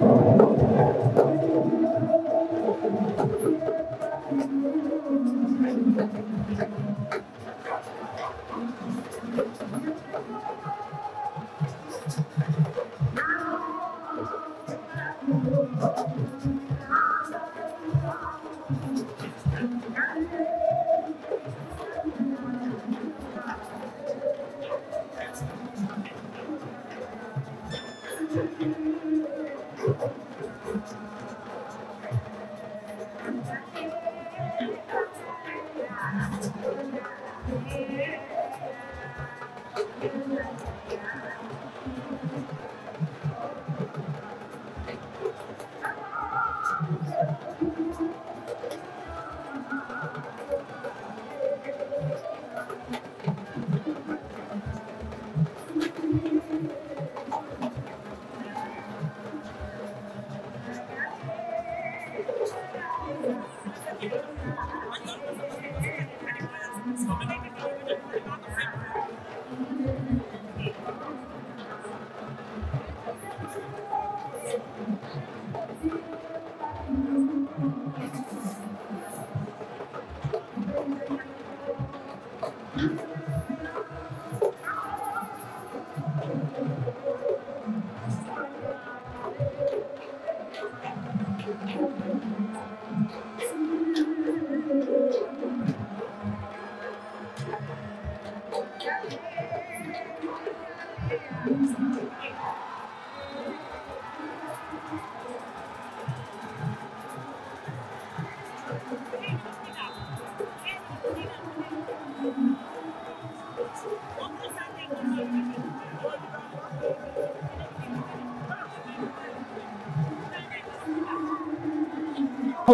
Thank you.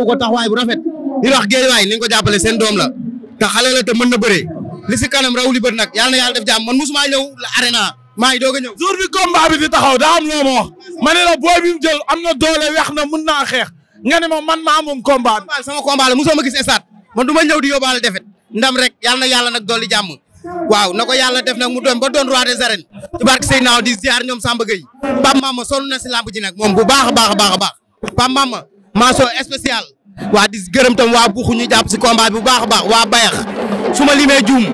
taxaw ko taxawaay bu rafet di wax géejawaay nañ ko jàppale seen doom la te xale la te mën na bëree li si kanam raw li bët nag yàlla na yàlla def jàmm man musuma ñëw la arena maa ngi doog a ñëw. jour bi combat bi di taxaw daa am loo ma wax ma ne la booy bi mu jël am na doole weex na mun naa xeex nga ne ma man maa moom combat bi. sama combat la musuma gis esaat man du ma ñëw di yóbbaale defet ndam rek yàlla na yàlla nag dolli jàmm waaw na ko yàlla def nag mu doon ba doon roi des arènes ci a baax a mention spéciale waa di gërëm tam waa buxu ñu jàpp si combat bi bu baax a baax waa bayax su ma limee juum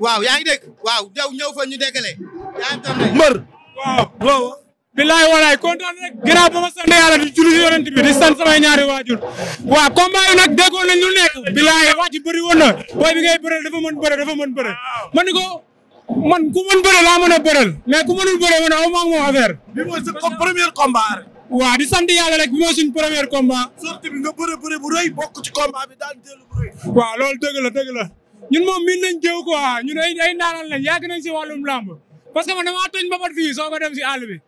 waaw yaa ngi dégg waaw jaw ñëw fa ñu déggale yaa ngi tam ne mbër waaw waaw bilaay kontaan rek ginnaaw ba ma sant yàlla di julli yonent bi di sant samay ñaari waajur waaw combat yi nag déggoon nañ lu nekk bilaay wax ci bëri woon na booy bi ngay bëre dafa mën bëre dafa mën bëre man ni ko man ku mën bëre laa mën a bëreel mais ku mënul bëre man aw ma ak bi mooy sa premier combat waaw di sant yàlla rek bi mooy suñ premier combat. sortie bi nga bëre bëre bu bi la dëgg la ñun moom miin nañ jëw quoi ñun ay ay ndaanal lañ yàgg nañ si wàllum làmb parce que man damaa tooñ mbapat fii soo ko dem si àll bi.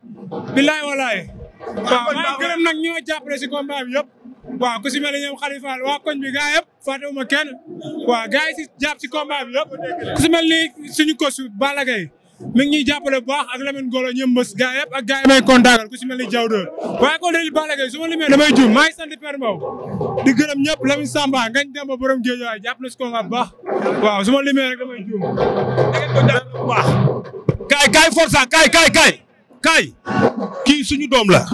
billaay walaay. waaw maa ngi gërëm nag ñoo jàppale si combat bi yëpp. waaw ku si mel ne ñoom Khalifa waa koñ bi gars yëpp fàttewuma kenn. waaw gars yi si jàpp si combat bi yëpp ku ni suñu coach Balla Gaye mi ngi ñuy jàppale bu baax ak Lamine Golo ñëm mbës gaa yëpp ak gaa yi ku si mel ni Diaw de waaye ko dali Balla Gaye su ma limee damay jum maa ngi sant Père Mbow di gërëm ñëpp Lamine Samba ngañ dem ba borom ko nga bu baax waaw suma ma limee rek damay jum dangeen ko jàpp bu kaay kaay forsa kaay kaay kaay kaay kii suñu doom la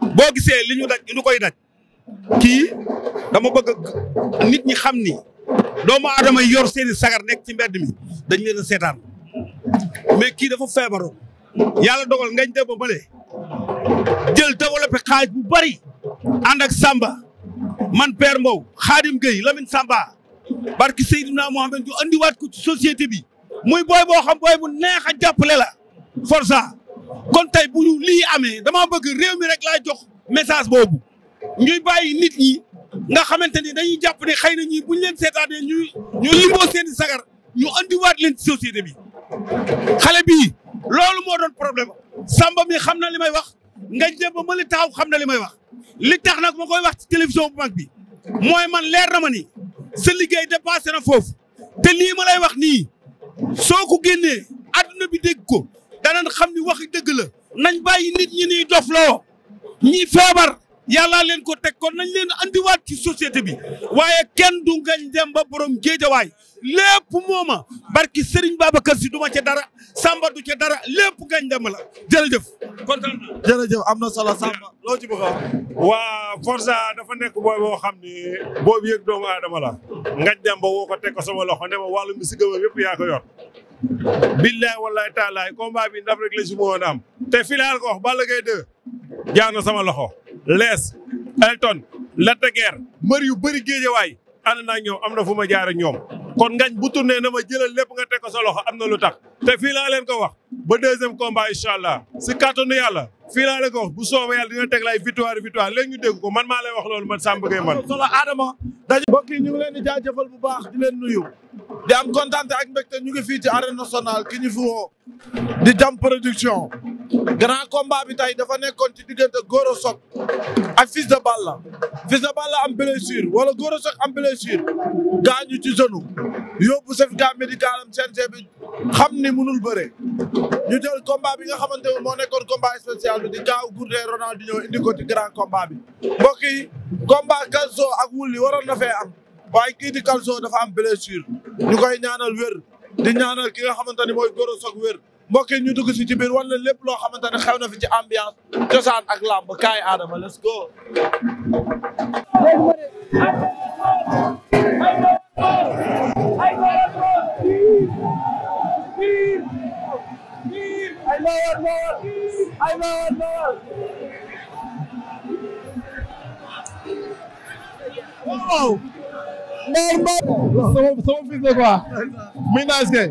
boo gisee li ñu daj ñu koy daj kii dama bëgg nit ñi xam ni doomu aadama yor seeni sagar nekk ci mbedd mi dañ leen a seetaan mais kii dafa feebaru yàlla dogal ngañ dem ba bële jël développé xaaj bu bari ànd ak Samba man Père Mbow Xaadim Gueye Lamine Samba barki Seydina Mohamed ñu andiwaat ko ci société bi muy booy boo xam booy bu neex a jàppale la força kon tey bu ñu lii amee dama bëgg réew mi rek laay jox message boobu ñuy bàyyi nit ñi nga xamante ni dañuy jàpp ni xëy na ñii bu ñu leen seetaanee ñu limboo seen sagar ñu andiwaat leen ci société bi xale bii loolu moo doon problème samba mi xam na li may wax nga jëm ma li taxaw xam na li may wax li tax nag moo koy wax ci télévision bu mag bi mooy man leer na ma ni sa liggéey dépassé na foofu te lii ma lay wax nii soo ko génnee adduna bi dégg ko danañ xam ni waxi dëgg la nañ bàyyi nit ñi niy dofloo ñi feebar yàllaa leen ko teg kon nañ leen andiwaat ci société bi waaye kenn du ngañ dem ba borom géejawaay lépp mooma barki Serigne Babacar si duma ce dara Samba du ca dara lépp ngañ dem la jërëjëf. kontaan am na solo Samba loo ci bëgg waa Forza dafa nekk booy boo xam ni boobu yëg doomu aadama la ngañ dem ba woo ko teg ko sama loxo ne ma wàllu misi gëmam yëpp yaa ko yor. billaay wallaay taalaay combat bi ndam rek la si mënoon am te filaal ko wax Balla Gaye 2 jaar sama loxo. lees Elton Lattaguère mbër yu bëri géejewaay ànd naa ñoom am na fu ma jaar ak ñoom kon ngañ bu tourné na ma jëlal lépp nga teg ko sa loxo am na lu tax te fii laa leen ko wax ba deuxième combat incha allah si kàttanu yàlla fii laa leen ko wax bu soobee yàlla dina teg lay victoire victoire léegi ñu dégg ko man maa lay wax loolu man Samba Gueye man. solo Adama. mbokk yi ñu ngi leen di jaajëfal bu baax di leen nuyu. di am kontaan ak mbekte ñu ngi fii ci arène nationale ki ñu fi di jam production. grand combat bi tey dafa nekkoon ci diggante Gora Sock ak Fils de Balla Fils de Balla am blessure wala Gora Sock am blessure gaañu ci genou yóbbu certificat médical am CNG bi xam ni mënul bëre ñu jël combat bi nga xamante ne moo nekkoon combat spécial bi di Gaaw Gourdé Ronaldinho indi ko ci grand combat bi mbokk yi combat Calcio ak Wouly waroon na am waaye kii di Calcio dafa am blessure ñu koy ñaanal wér di ñaanal ki nga xamante ni mooy Gora Sock wér mbokk ñu dugg si ci biir wala lépp loo xamante ne xew na fi ambiance cosaan ak làmb kaay Adama let's go. Oh! Ndeye Mbop. sama sama fils la quoi. muy naaj kay.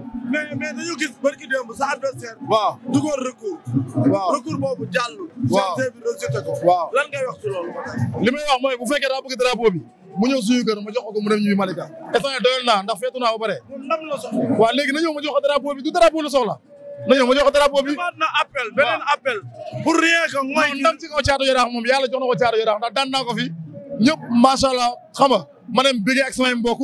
sa adversaire. waaw dugoon recours. waaw recours boobu jàll. waaw CNG waaw lan ngay wax ci mooy bu fekkee daa bëgg drapeau bi. mu ñëw suñu kër ma jox ko mu dem ñibbi Malika. instant yii doyal naa ndax feetu naa ba pare. léegi na ñëw ma jox ko drapeau bi du drapeau la soxla. na ñëw ma jox ko drapeau na appel beneen appel. pour rien que mooy. ndam ci kaw Caatu Yaraax moom yàlla jox na ko Caatu Yaraax ndax daan naa ko fi ñëpp macha allah xam nga ma dem bëggee ak samay mbokk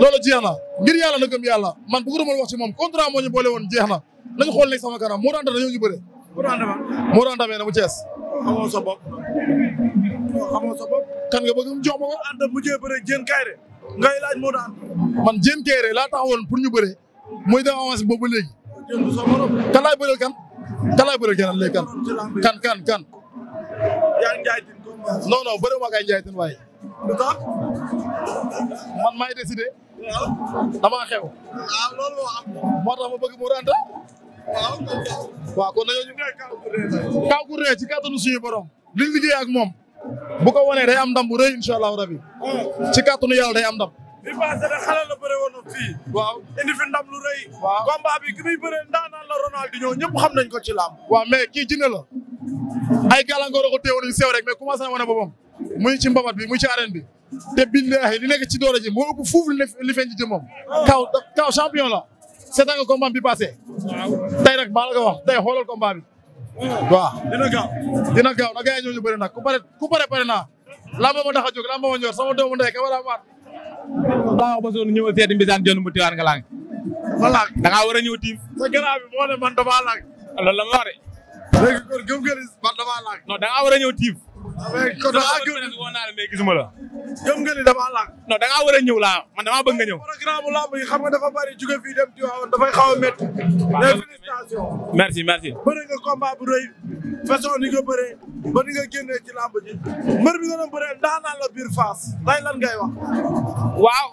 loolu jeex na ngir yàlla na gëm yàlla man bu ko wax ci moom contrat moo ñu boole woon jeex na nañu xool nekk sama kanam moo daan dañoo ñu bëre. moo daan damee na mu Cees. xamoo sa bopp xamoo sa kan nga bëgg mu jox ma ko. ànd mujjee bëre Diène Kairé ngay laaj moo daan. man Diène Kairé laa taxawoon pour ñu bëre muy dem avancé boobu léegi. kan laay bëreel kan. kan laay bëreel keneen léegi kan. kan kan non non bëri ma kay njaay ten waay. lu tax man maay décidé. damaa xew. waaw loolu moo am. moo tax ma bëgg mu ranta. waaw. waaw kon dañoo ñu. Kaw Gourdin ci kàttanu suñu borom. li liggéey ak moom. bu ko wanee day am ndam bu rëy incha allahu rabi. Hmm. ci kàttanu yàlla day am ndam. bi passé da xale la bëre woon fii. waaw indi ndam lu rëy. waaw combat bi ki muy bëree ndaanaan la Ronaldinho ñëpp xam nañ ko ci làmb. waaw mais kii jinne la. ay gàllankoor ko teewoon yu sew rek mais commencé na wane boppam muy ci mbabat bi muy ci arène bi te billaahi li nekk ci doole ji moo ëpp fuuf li feeñ ci jëmmam kaw champion la seetaan nga combat bi passé tey nag maa la ko wax tey xoolal combat bi waaw dina gaaw dina gaaw na gars yi ñoo ñu bëri nag ku pare ku pare pare naa laa ma tax a jóg laa ma ñor sama doomu ndey ka wala maat laa ba soonu ñëwal seeti mbisaan joon mu tiwaan nga laang ma laag da ngaa war a ñëw tiim léegi kon gëm nga ni man damaa laaj. non war a ñëw tiif. kon damaa gëm ne woon naa la mais gisuma la. gëm nga ni damaa laaj. non da ngaa war a ñëw laa man damaa bëgg nga ñëw. programme lamb yi xam nga dafa bari jóge fii dem Tivaouane dafay xaw a métti. les félicitations. merci merci. bëri nga combat bu rëy façon ni nga bëree ba ni nga génnee ci lamb ji mbër bi la biir Fass tey lan ngay wax. waaw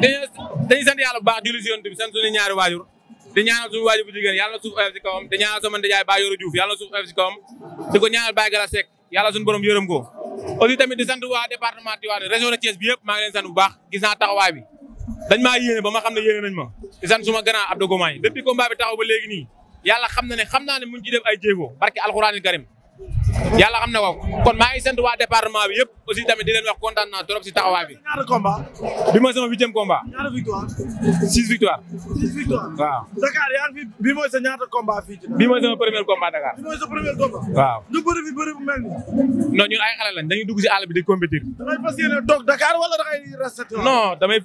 dañuy dañuy sant yàlla bu baax julli si yoon bi sant suñu ñaari waajur di ñaanal suñu waajur bu jigéen yàlla na suuf oyof si kawam di ñaanal sama ndijaay Baye Yoro Diouf na suuf oyof si kawam di ko ñaanal Baye Gara Seck yàlla suñu borom yërëm ko aussi tamit di sant waa département Tivaouane région de Thiès bi yëpp maa ngi leen bu baax gis naa taxawaay bi dañ maa yéene ba ma xam ne yéene nañ ma di sant suma grand Abdou Gomaay depuis combat bi taxaw ba léegi nii yàlla xam na ne xam naa ne mu ngi ciy def ay jéego barke alxuraanil karim yàlla xam na ko kon maa ngi sant waa département bi yëpp aussi tamit di leen wax kontaan naa trop si taxawaay bi. ñaata combat. bi mooy sama huitième combat. ñaata bi mooy sa ñaata combat fii ci. bi mooy sama premier combat Dakar. bi mooy sa premier combat. waaw ñu ñun ay xale lañ dañuy dugg si àll bi di compétir. damay fas yéene toog Dakar wala dangay resté. non damay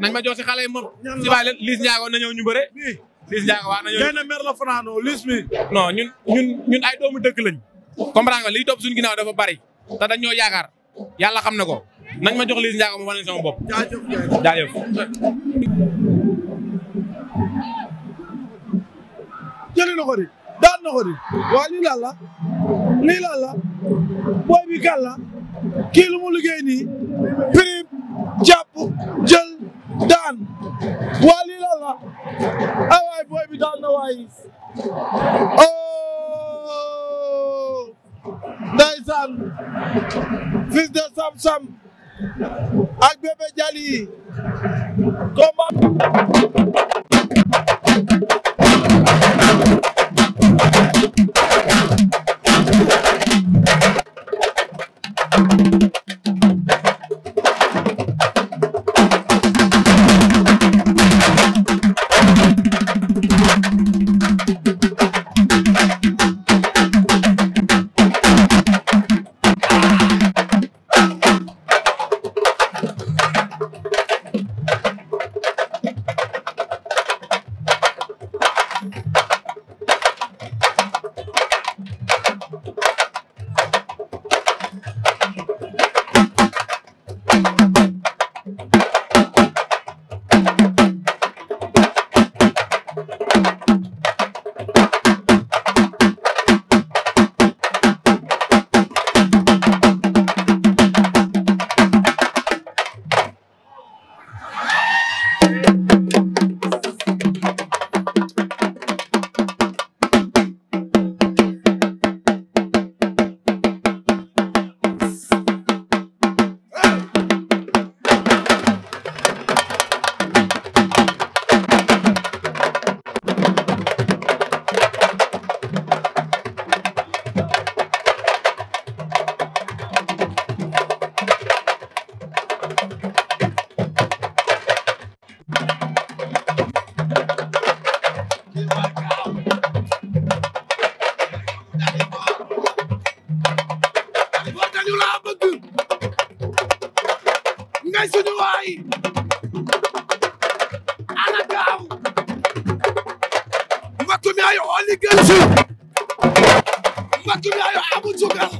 nañ ma jox si xale yi moom. si waa Liss Ndiago na ñëw ñu bëre. Liss Ndiago waa nañu. génn mer la fanaanoo ñun ay doomu dëkk lañ. comprendre nga liy topp suñu ginnaaw dafa bari te ñoo yaakaar yàlla xam na ko nañ ma jox Liss Ndiago ma wane sama bopp. jaajëf jaajëf. jëli na daan na waa lii laal lii laal la booy bi gàll la kii lu jël daan waa lii laal booy bi daan na waay oh ndeysaan fils de Sam Sam ak bébé Jali combat only girl too. Mbakki bi ayo abu sugar.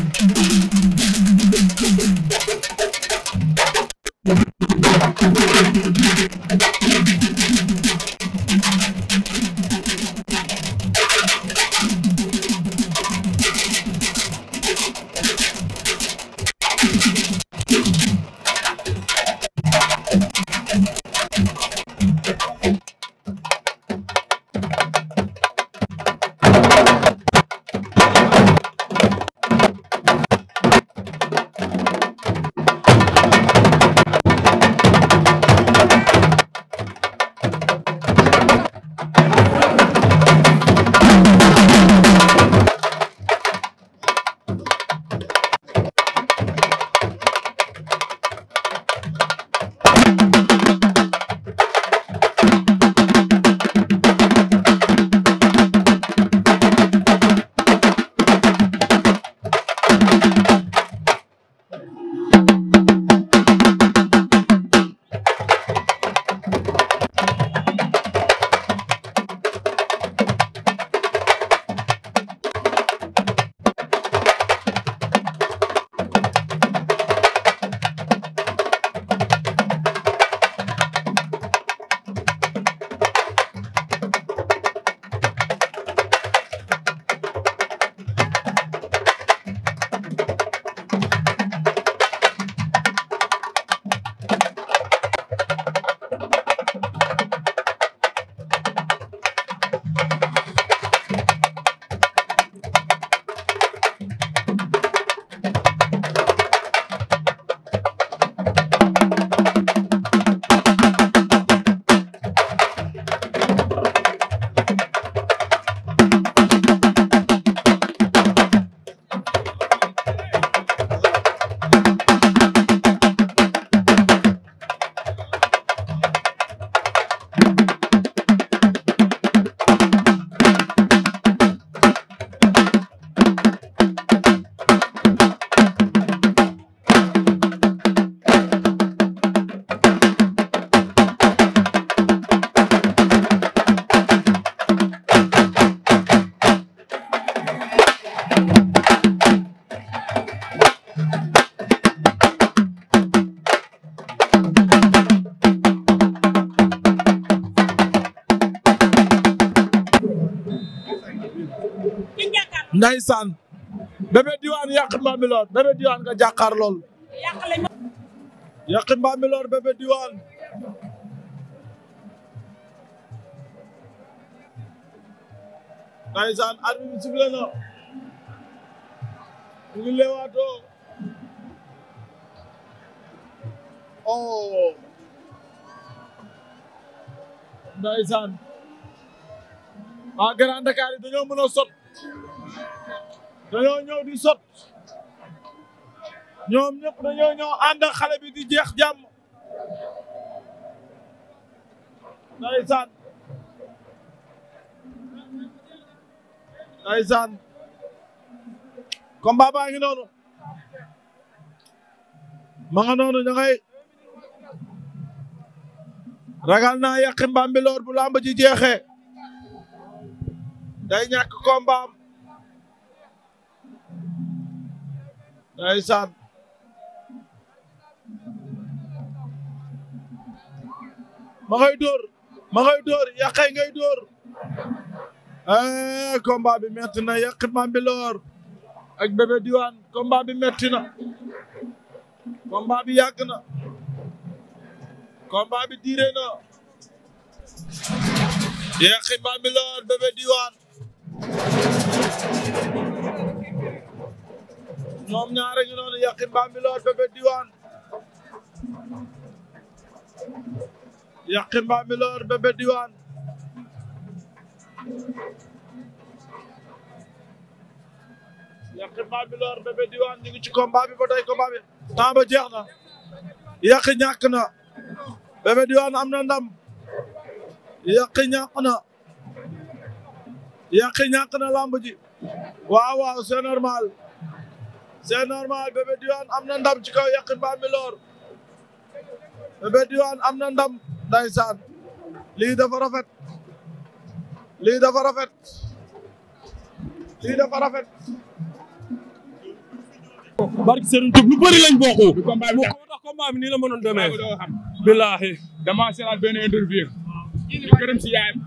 Bambilor Bébé Diwane nga jàkkaar lool Yakhine Bambilor Bébé Diwane ndaysaan arbitre bi sifflé na ñu ngi leewaatoo oh ndaysaan waa Grand Dakar yi dañoo mën a sot dañoo sot ñoom ñëpp dañoo ñëw ànd xale bi di jeex jàmm. ndeysaan ndeysaan komba baa ngi noonu ma nga noonu ña ragal naa yàqi mbambiloor bu làmb ji jeexee day ñàkk komba am ndeysaan ma ngay dóor ma ngay dóor yàqay ngay dóor ah combat bi metti na yàq Bambilor ak bébé diwaan combat bi metti na combat bi yàgg na combat bi diire na yàq Bambilor bébé diwaan ñoom ñaar ñu noonu yàq Bambilor bébé diwaan yàqin Bambilor Bébé Diwane yàqin Bambilor Bébé Diwane ñu ngi ci combat bi ba tey combat bi temps am na ndam yàqi ñàkk na yàqi ñàkk na lamb ji waaw waaw c'est normal c'est am na ci kaw yàqin Bambilor Bébé am na ndeysaan lii dafa rafet lii dafa rafet lii dafa rafet barki Serigne Touba lu bëri lañ bokku mu ko tax combat bi nii la mënoon demee billaahi dama seetaan benn interview di gërëm si yaayam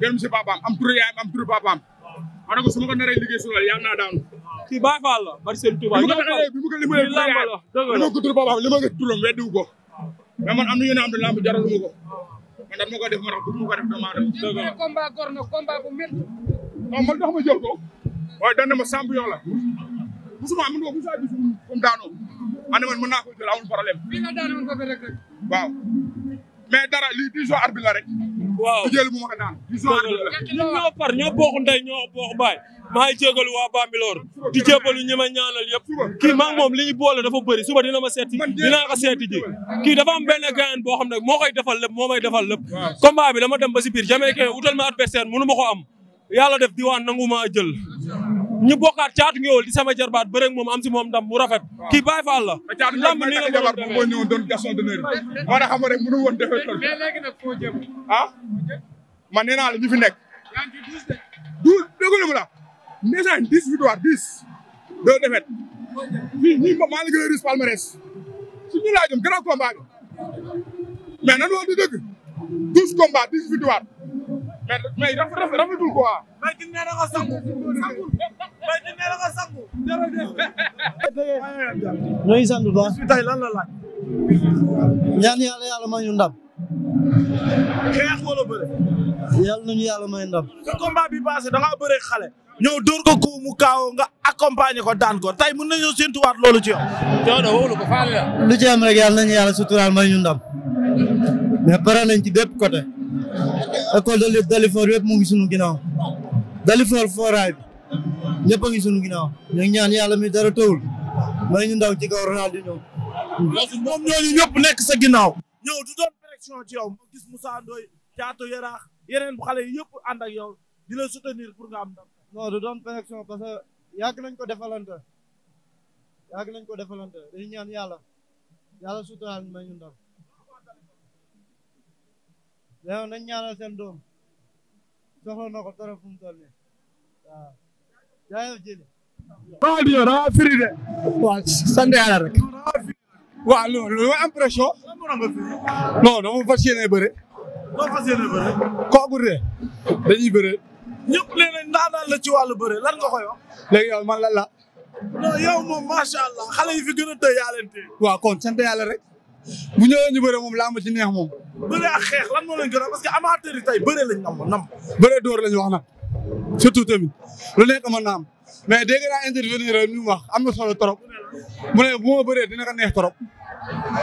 gërëm si papaam am turu yaayam am turu papaam ma ne ko su ma ko naree liggéey su la yàlla naa daanu kii Baay Faal la barki Serigne Touba bi mu ko li ma leen turu yaayam li ma ko turu ko mais man am na ñu ne am na ko man daal ma ko def ma tax bu ma ko def damaa def. dëgg la combat gor na combat man dox ma jël ko. waaye dañ ne ma sàmm yoo la. musuma am na ko musaa gis man de man mën naa ko jël amul problème. bii dara lii dix jours arbitre rek. waaw jël bu ma ko daan ñun ñoo par ñoo bokk ndey ñoo bokk baay maa ngi jégalu waa Bambilor di jégalu ñi ma ñaanal yëpp kii maa moom li ñu boole dafa bëri suba dina ma seeti dinaa ko seeti ji kii dafa am benn gayan boo xam ne moo koy defal lépp moo may defal lépp combat bi dama dem ba si biir jamais que utal ma adversaire mënu ma ko am yàlla def diwaan nangu maa jël ñu bokkaat caatu ngeewal di sama jarbaat bëre ak moom am si moom ndam mu rafet kii Baye Fall la lamb ni la jabar bu moo ñëwoon doon gasson d'honneur moo tax xam rek mënu woon defe tol mais léegi nag foo naa la ñu fi nekk douze déglu ma la déjà dix victoire dix deux défaite fii ñi maa la gën a riche palmarès suñu laa jëm grand combat bi mais nan woo di dëgg douze mais rafet rafetul quoi. Mbaye Tine nee na ko sangu. Mbaye Tine nee na ko sangu. ñoo ngi sant bu baax. yàlla yàlla may ñu nañu yàlla may ndam. sa combat bi passé da ngaa xale. ñëw dóor ko kuu mu nga accompagner ko daan ko mun mën nañoo séntuwaat loolu ci yow. coono rek yàlla nañu yàlla suturaal may ñu ndam. mais ci bépp côté. école de lutte Dalifort yëpp mu ngi sunu ginnaaw Dalifort foraay bi ñëpp a ngi sunu ginnaaw ñaan yàlla mi dara tawul ñu ndaw ci kaw Ronaldinho moom ñooñu ñëpp nekk sa ginnaaw ñëw du doon pression ci yow gis Moussa Ndoye Thiatou Yaraax yeneen bu xale yi yëpp ànd ak yow di la soutenir pour nga am ndam non du doon pression parce que yàgg nañ ko defalante yàgg nañ ko defalante dañu ñaan yàlla yàlla suturaal may ñu léegi nañ ñaanal seen doom soxla na ko trop fu mu firi de. waaw sant yàlla rek. waaw loolu loolu impression. non dama fas yéene bëre. dama fas yéene bëre. kooku de dañuy bëre. ñëpp la ci wàllu bëre lan nga koy wax. yow man lan la. non yow moom macha allah xale yi fi gën a tëj yaa leen tee. waaw kon yàlla rek. bu ñëwee ñu bëre moom làmb ci neex moom. bëre ak xeex lan moo leen gën a parce que amateur yi tey bëre lañ nam nam. bëre door lañ wax nag surtout tamit lu nekk mën naa am mais dégg naa intervenir rek ñu wax am na solo trop mu ne bu ma bëree dina ko neex trop.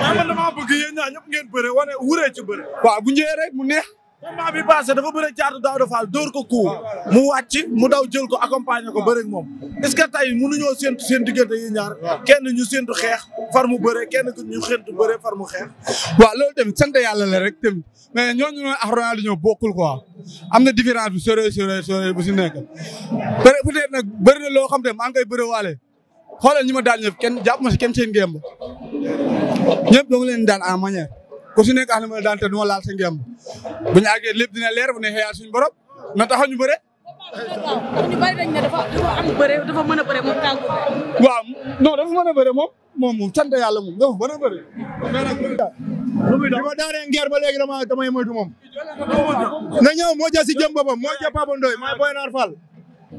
waaw man damaa bëgg yéen ñaa ñëpp ngeen bëre wane wuree ci bëre. waaw bu ñëwee rek mu neex. combat bi passé dafa bëre caatu daaw dafaal dóor ko kuu mu wàcc mu daw jël ko accompagner ko bëre moom est-ce que tey mënuñoo séntu seen diggante yi ñaar kenn ñu séntu xeex far mu bëre kenn ñu xentu bëre far mu xeex waa loolu tamit sant yàlla la rek tamit mais ñooñu noonu ak Ronaldinho bokkul quoi am na différence bu sore sore bu si nekk peut-être nag bëri na loo xam te maa ngi koy bëre waale xoolal ñi ma daal ñëpp kenn jàpp ma si kenn seen gémb ñëpp doo ngi leen daan en ku si nekk axli ma daan te du ma laal sa ngemb bu ñu àggee lépp dina leer bu ne xëyaat suñu borom na taxaw ñu bëre ñu bari dañ ne dafa bëre dafa mën a bëre moom tànku waaw non dafa moom moom sant yàlla moom dafa mën a bëre li ma daanee ngeer ba léegi dama damay moytu moom na ñëw moo jël si jëm boppam moo jël Papa Ndoye mooy Naar Fall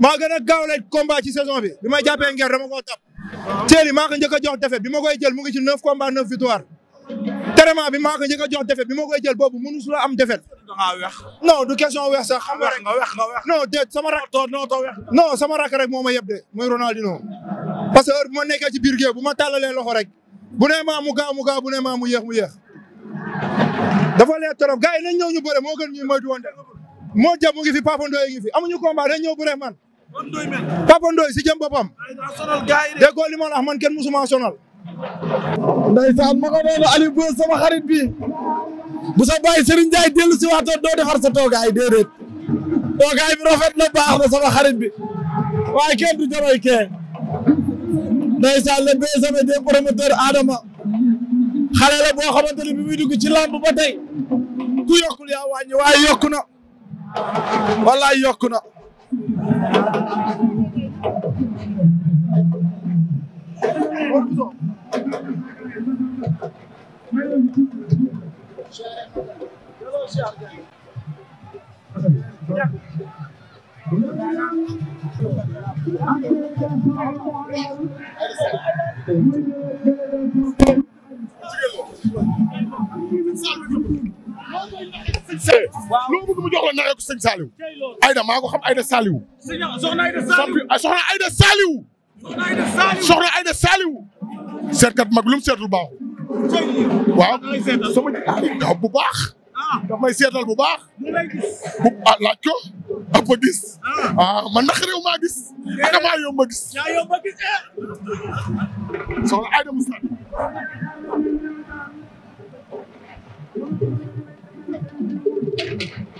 maa gën a gaawle combat ci saison bi bi may jàppee ngeer dama koo tap teeli maa ko njëkk a jox defet bi ma koy jël mu ngi ci neuf combat victoire traitement bi maa ko njëkk jox defet bi ma koy jël boobu mënu su la am defet. da du question weex sax. xam nga rek sama rak. too sama rak rek moo ma de mooy Ronaldinho. parce que heure bu ma nekkee ci biir géew bu ma tàllalee loxo rek bu nee maa mu gaaw bu ne maa mu yéex mu yéex. dafa lee trop gars yi nañ ñëw ñu bëre moo gën ñuy moytu woon de. moo jëm mu ngi fi Papa Ndoye amuñu combat dañ ñëw bëre man. Papa Ndoye si jëm boppam. déggoo li ma la wax man kenn musuma sonal ndeysaan ma nga noonu Aliou Boy sama bu sa bàyyi Serigne Ndiaye dellu si waatoon doo defar toogaay déedéet toogaay bi rafet na baax na sama xarit bi waaye kenn du joroy kee ndeysaan le BSM des promoteurs Adama xale la boo xamante ne bi ci lamb ba tey ku yokkul yaa wàññi waaye yokku wallaay yokku na Eh, loo bëgg mu jox la naree ko sëñ Saliou Aïda maa ko xam Aïda Saliou soxna Aïda Saliou soxna Aïda Saliou soxna Aïda Saliou seetkat mag lu mu seetlu baaxul waaw sama waaw bu baax. Ah. daf may seetal bu baax. bu ah laaj ko ab ba gis. ah, ah man naka réew maa gis. ak maa yomb a gis. Eh? soxna Aida Moussa. Thank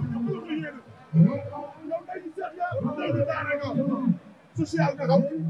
taxaw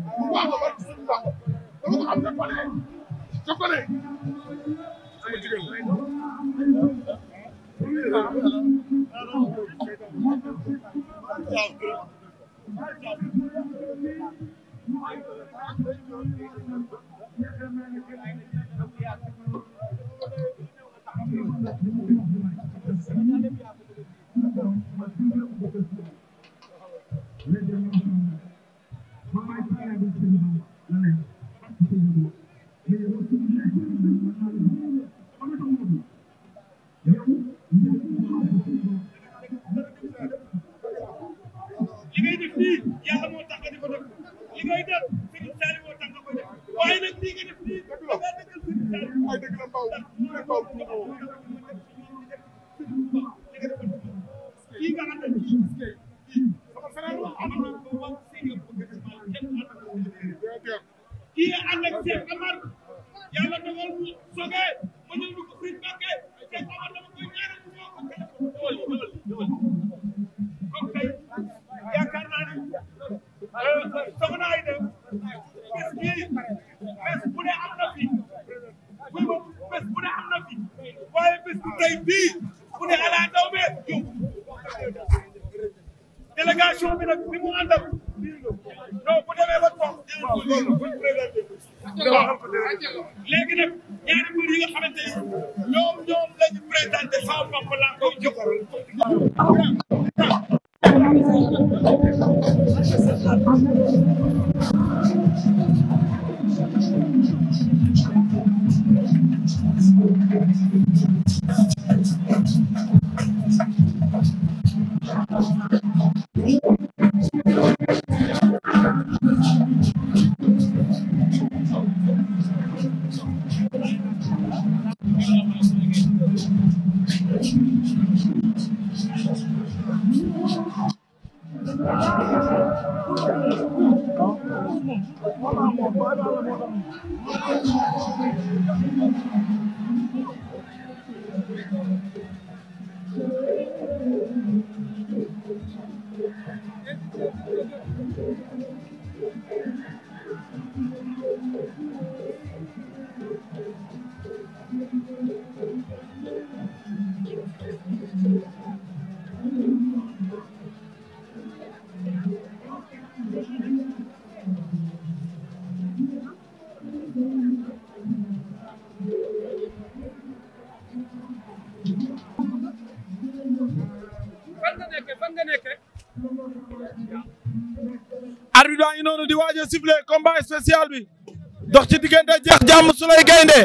ngi noonu di waaj a sifflé combat spécial bi dox ci diggante jeex jàmm Souleye Gaynde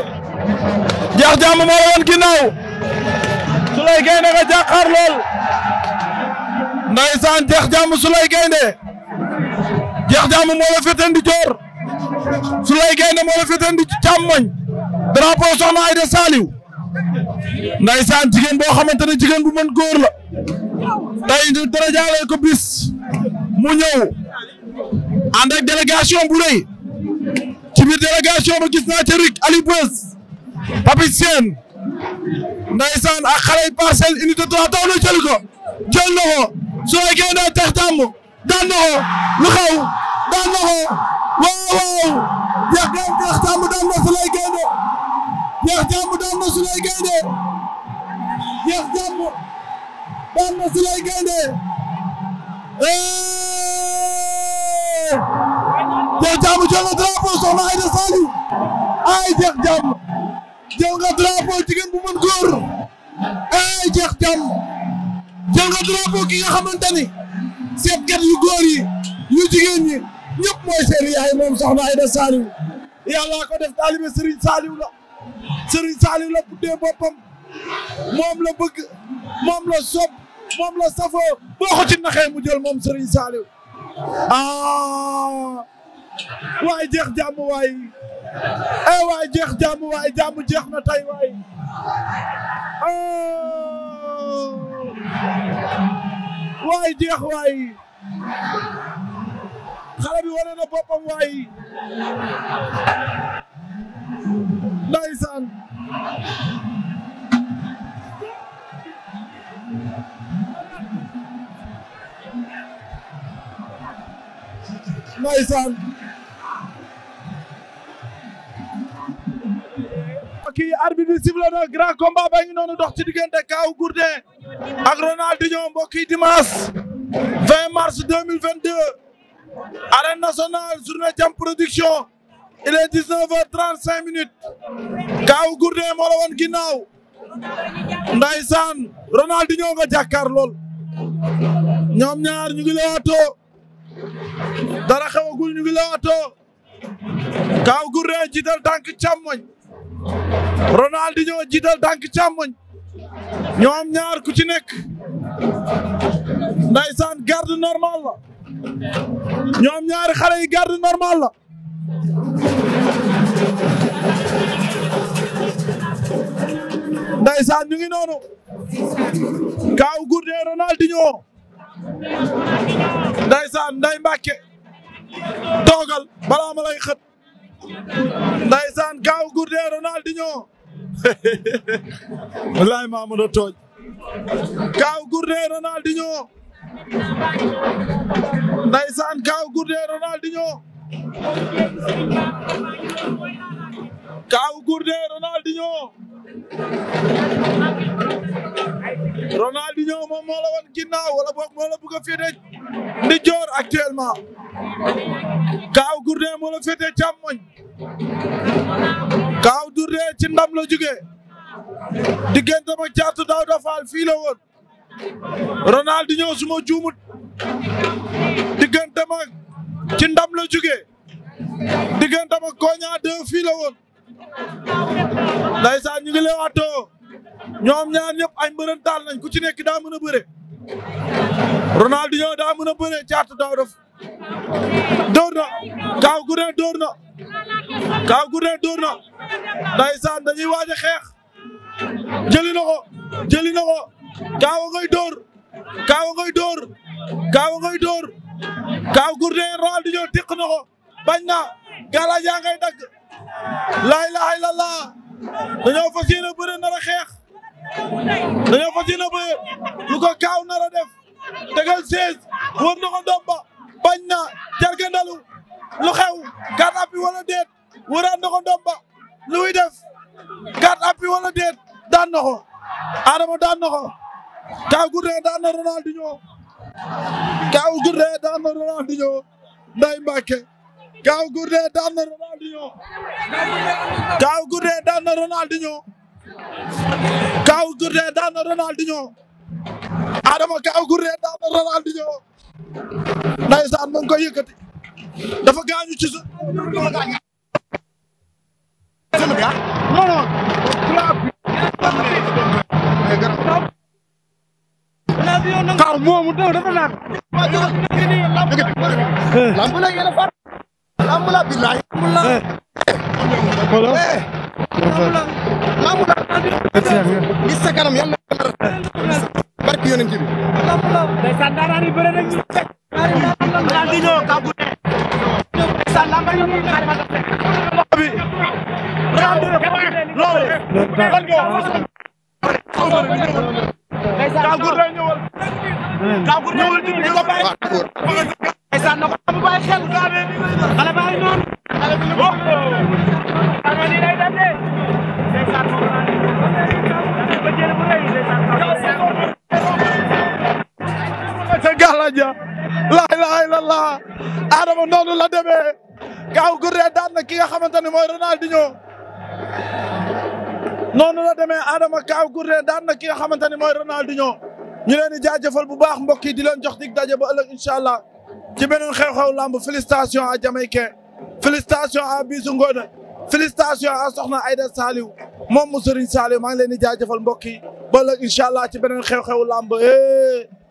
jeex jàmm moo la woon ginnaaw Souleye Gaynde nga jàkkaar jeex jàmm Souleye Gaynde joor Souleye Gaynde moo la fétan di càmmoñ soxna Aïda Saliou ndeysaan jigéen boo xamante ne jigéen bu mën góor la tey dara bis mu ñëw ànd ak délégation bu rëy ci biir délégation ba gis naa ca Rick Aliou Beuss Papis Sène ndaysaan ak xale yi parcelle unité 3 taw na jël ko jël na ko soo gee na tax tàmm daan na ko lu xaw daan na ko waaw waaw jeex daan tax tàmm daan na su lay gaynde jeex tàmm daan na su lay gaynde jeex tàmm daan na su lay gaynde eh! Jeex Jàmm jël nga drapeau soxna Aïda Saliou ay Jeex Jàmm jël nga drapeau jigéen bu mën góor ay Jeex Jàmm jël nga drapeau ki nga xamante ni seetkat yu góor yu jigéen ñi ñëpp mooy seen moom soxna Aïda Saliou yàlla ko def taalibe Serigne Saliou la Serigne Saliou la buddee boppam moom la bëgg moom la sopp boo ko ci naxee mu jël moom Serigne Saliou ah waay jeex jàmm waay eh waay jeex jàmm waay jàmm jeex na tey waay oh waay jeex waay xale bi wane na boppam waay ndeysaan kii arbitre bi sifflé na grand combat ba ngi noonu dox ci diggante Kaaw Gourdin ak Ronaldinho mbokk yi dimanche 20 mars 2022 arène nationale journée Thiam production il est 19h35 minutes Kaaw Gourdin moo la woon ginnaaw ndaysaan nga jàkkaar lool ñoom ñaar ñu ngi dara xewagul ñu ngi lewaatoo Kaw Gourdin jiital tànk càmmoñ Ronaldinho jiital tànk càmmoñ ñoom ñaar ku ci nekk ndaysaan garde normal la ñoom ñaari xale yi garde normal la ndaysaan ñu ngi noonu Kaw Gourdin Ronaldinho nday Mbàkke toogal balaa ma lay xët ndaysaan gaaw gurde di wallaay maa mën a tooj gaaw gurde Ronaldinho ndaysaan gaaw gurde Ronaldinho gaaw di Ronaldinho Ronaldinho moom moo la woon ginnaaw wala boog moo la a féete ndi joor actuellement Kaaw Gourdin moo la féete càmmoñ Kaaw Gourdin ci ndam la jugee diggante ma caatu daaw dafaal fii la woon Ronaldinho suma juumut diggante ma ci ndam la jugee diggante ma koña deux fii la woon ndaysaan ñu ngi lay ñoom ñaan ñëpp ay mbërëntaal lañ ku ci nekk daa mën a bëre Ronaldinho daa mën a bëre caatu daw def dóor na kaaw gune dóor na kaaw gune dóor na ndeysaan dañuy waaj a xeex jëli na ko jëli na ko kaaw ngay dóor kaaw ngay dóor kaaw ngay dóor kaaw gune Ronaldinho tiq na bañ na gala yaa ngay dagg la ilaha illallah dañoo fas yéene bëre a xeex dañoo fas yéene bëre lu ko kaaw nar def tegal 16 wër na ko bañ na jargandalu lu xew carte appui wala déet wëraat na ko ndomba lu def carte appui wala déet daan na ko Adama daan na ko Kaw Gourdin daan na Ronaldinho Kaw Gourdin daan na Ronaldinho Nday Mbacke Kaw Gourdin daan na Ronaldinho Kaw kaaw daan na Ronaldinho Kaw Gourdin daan na Ronaldinho Adama Kaw Gourdin daan na Ronaldinho ndeysaan mu ngi koy yëkkati dafa gaañu ci sa Kaw moomu dafa naan lamb la billahi lamb la lamb la li sa kanam yal na barki yonent bi lamb la ndeysaan daanaan yi bëre nañu fekk di ñëw kabu ne ndeysaan lamb la ñu xari ma bi lamb loolu kabu ñëwal kabu ñëwal Ronaldinho noonu la demee Adama Kaaw Gourdin daan na ki nga xamante ne mooy Ronaldinho ñu leen di jaajëfal bu baax mbokk yi di leen jox dig daje ba ëllëg incha allah ci beneen xew-xew lamb félicitation à Jamaïcain félicitation à Bisou Ngone félicitation à Soxna Aïda Saliou moom mu Serigne Saliou maa ngi leen di jaajëfal mbokk yi ba ëllëg incha allah ci beneen xew-xew lamb eh.